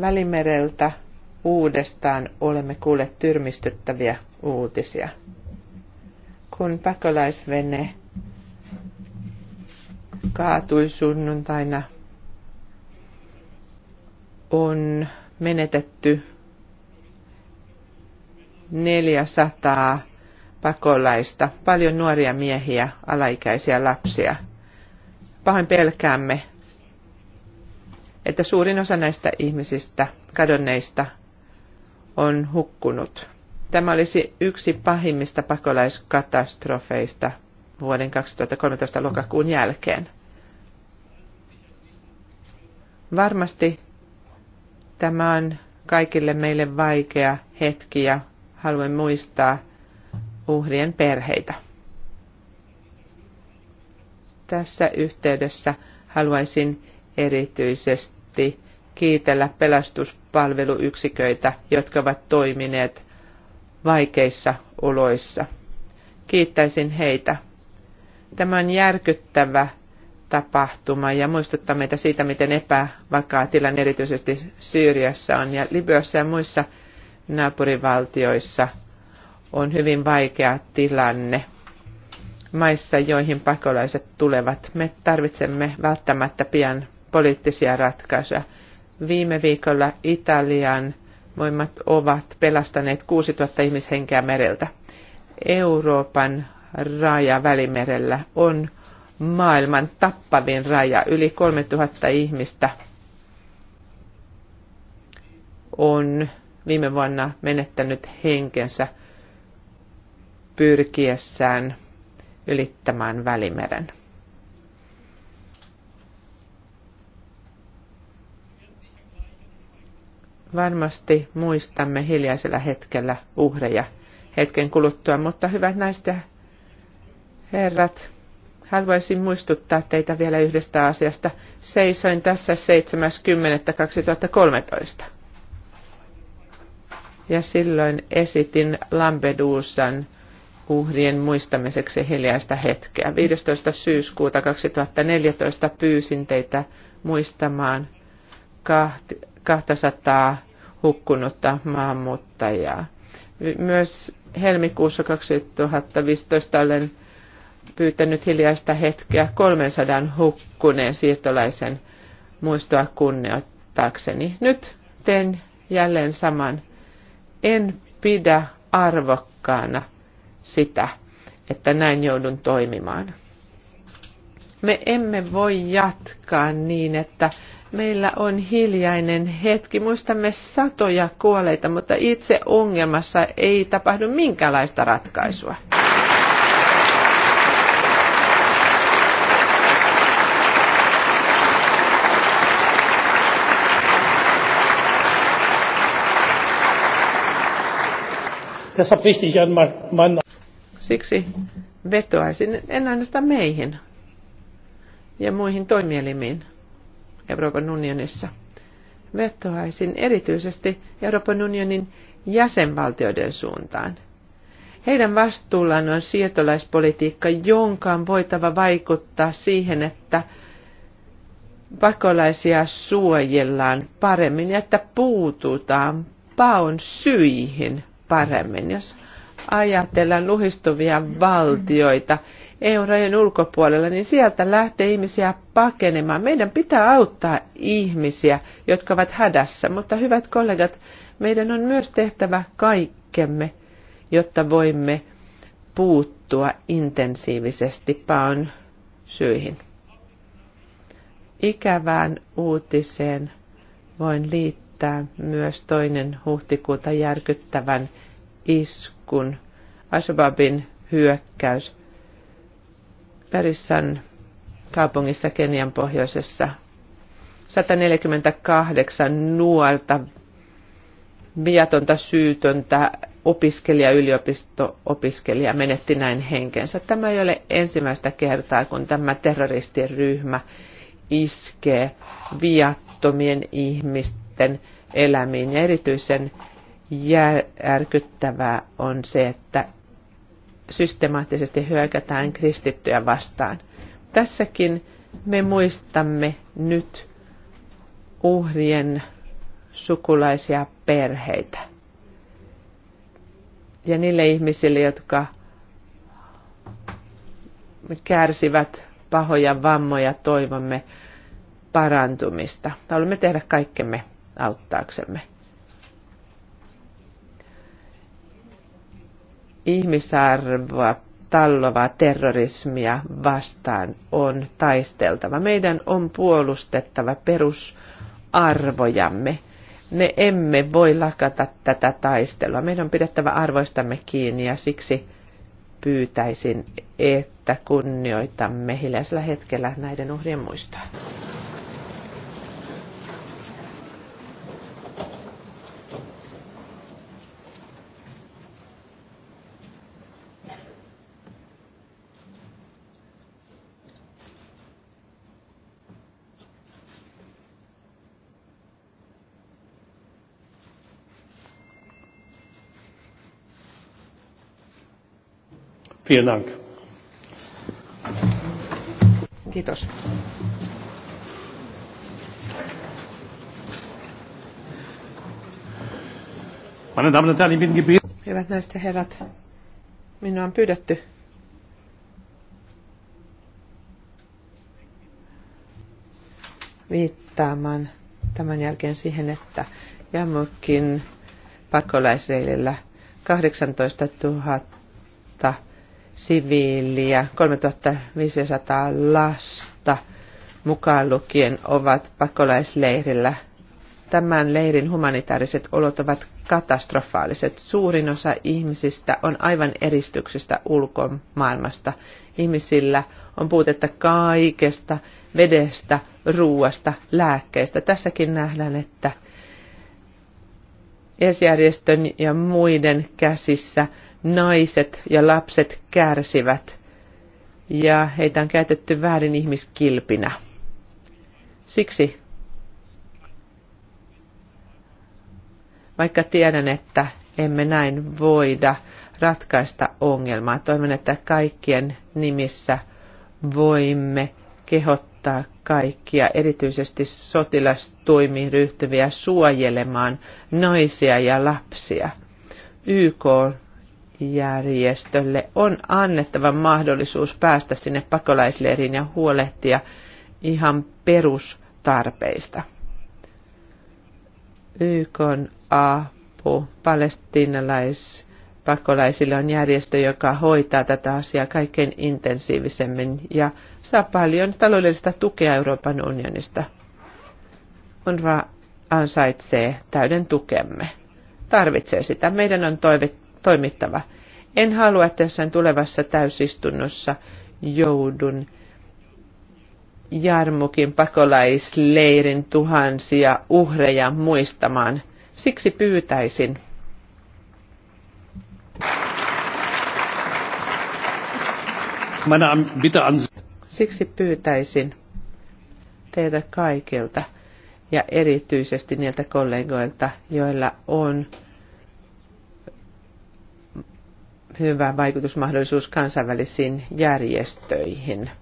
Välimereltä uudestaan olemme kuulleet tyrmistyttäviä uutisia. Kun pakolaisvene kaatui sunnuntaina, on menetetty 400 pakolaista, paljon nuoria miehiä, alaikäisiä lapsia – Pahoin pelkäämme, että suurin osa näistä ihmisistä, kadonneista, on hukkunut. Tämä olisi yksi pahimmista pakolaiskatastrofeista vuoden 2013 lokakuun jälkeen. Varmasti tämä on kaikille meille vaikea hetki ja haluan muistaa uhrien perheitä. Tässä yhteydessä haluaisin erityisesti kiitellä pelastuspalveluyksiköitä, jotka ovat toimineet vaikeissa oloissa. Kiittäisin heitä. Tämä on järkyttävä tapahtuma ja muistuttaa meitä siitä, miten epävakaa tilanne erityisesti Syyriassa on ja Libyassa ja muissa naapurivaltioissa on hyvin vaikea tilanne maissa, joihin pakolaiset tulevat. Me tarvitsemme välttämättä pian poliittisia ratkaisuja. Viime viikolla Italian voimat ovat pelastaneet 6000 ihmishenkeä mereltä. Euroopan raja Välimerellä on maailman tappavin raja. Yli 3000 ihmistä on viime vuonna menettänyt henkensä pyrkiessään – ylittämään Välimeren. Varmasti muistamme hiljaisella hetkellä uhreja hetken kuluttua, mutta hyvät naiset ja herrat, haluaisin muistuttaa teitä vielä yhdestä asiasta. Seisoin tässä 7.10.2013. Ja silloin esitin Lampedusan uhrien muistamiseksi hiljaista hetkeä. 15. syyskuuta 2014 pyysin teitä muistamaan 200 hukkunutta maahanmuuttajaa. Myös helmikuussa 2015 olen pyytänyt hiljaista hetkeä 300 hukkuneen siirtolaisen muistoa kunnioittaakseni. Nyt teen jälleen saman. En pidä arvokkaana sitä, että näin joudun toimimaan. Me emme voi jatkaa niin, että meillä on hiljainen hetki. Muistamme satoja kuoleita, mutta itse ongelmassa ei tapahdu minkäänlaista ratkaisua. Deshalb richte ich an meinen Siksi vetoaisin en ainoastaan meihin ja muihin toimielimiin Euroopan unionissa. Vetoaisin erityisesti Euroopan unionin jäsenvaltioiden suuntaan. Heidän vastuullaan on siirtolaispolitiikka, jonka on voitava vaikuttaa siihen, että pakolaisia suojellaan paremmin ja että puututaan paon syihin paremmin. Jos ajatellaan luhistuvia valtioita eurojen ulkopuolella, niin sieltä lähtee ihmisiä pakenemaan. Meidän pitää auttaa ihmisiä, jotka ovat hädässä, mutta hyvät kollegat, meidän on myös tehtävä kaikkemme, jotta voimme puuttua intensiivisesti paon syihin. Ikävään uutiseen voin liittää myös toinen huhtikuuta järkyttävän iskun kun Ashababin hyökkäys Pärissan kaupungissa Kenian pohjoisessa 148 nuorta viatonta syytöntä opiskelija, yliopisto-opiskelija menetti näin henkensä. Tämä ei ole ensimmäistä kertaa, kun tämä terroristien ryhmä iskee viattomien ihmisten elämiin ja erityisen järkyttävää on se, että systemaattisesti hyökätään kristittyjä vastaan. Tässäkin me muistamme nyt uhrien sukulaisia perheitä. Ja niille ihmisille, jotka kärsivät pahoja vammoja, toivomme parantumista. Haluamme tehdä kaikkemme auttaaksemme. ihmisarvoa tallovaa terrorismia vastaan on taisteltava. Meidän on puolustettava perusarvojamme. Me emme voi lakata tätä taistelua. Meidän on pidettävä arvoistamme kiinni ja siksi pyytäisin, että kunnioitamme hiljaisella hetkellä näiden uhrien muistoa. Vielen Dank. Kiitos. Hyvät naiset ja herrat, minua on pyydetty viittaamaan tämän jälkeen siihen, että Jamukin pakolaisleirillä 18 000 siviiliä, 3500 lasta mukaan lukien ovat pakolaisleirillä. Tämän leirin humanitaariset olot ovat katastrofaaliset. Suurin osa ihmisistä on aivan eristyksestä ulkomaailmasta. Ihmisillä on puutetta kaikesta, vedestä, ruuasta, lääkkeistä. Tässäkin nähdään, että Esijärjestön ja muiden käsissä naiset ja lapset kärsivät ja heitä on käytetty väärin ihmiskilpinä. Siksi, vaikka tiedän, että emme näin voida ratkaista ongelmaa, toivon, että kaikkien nimissä voimme kehottaa auttaa kaikkia, erityisesti sotilastoimiin ryhtyviä suojelemaan naisia ja lapsia. YK järjestölle on annettava mahdollisuus päästä sinne pakolaisleiriin ja huolehtia ihan perustarpeista. YK apu palestinalaisille pakolaisilla on järjestö, joka hoitaa tätä asiaa kaikkein intensiivisemmin ja saa paljon taloudellista tukea Euroopan unionista. UNRWA ansaitsee täyden tukemme. Tarvitsee sitä. Meidän on toimittava. En halua, että jossain tulevassa täysistunnossa joudun Jarmukin pakolaisleirin tuhansia uhreja muistamaan. Siksi pyytäisin, Siksi pyytäisin teiltä kaikilta ja erityisesti niiltä kollegoilta, joilla on hyvä vaikutusmahdollisuus kansainvälisiin järjestöihin –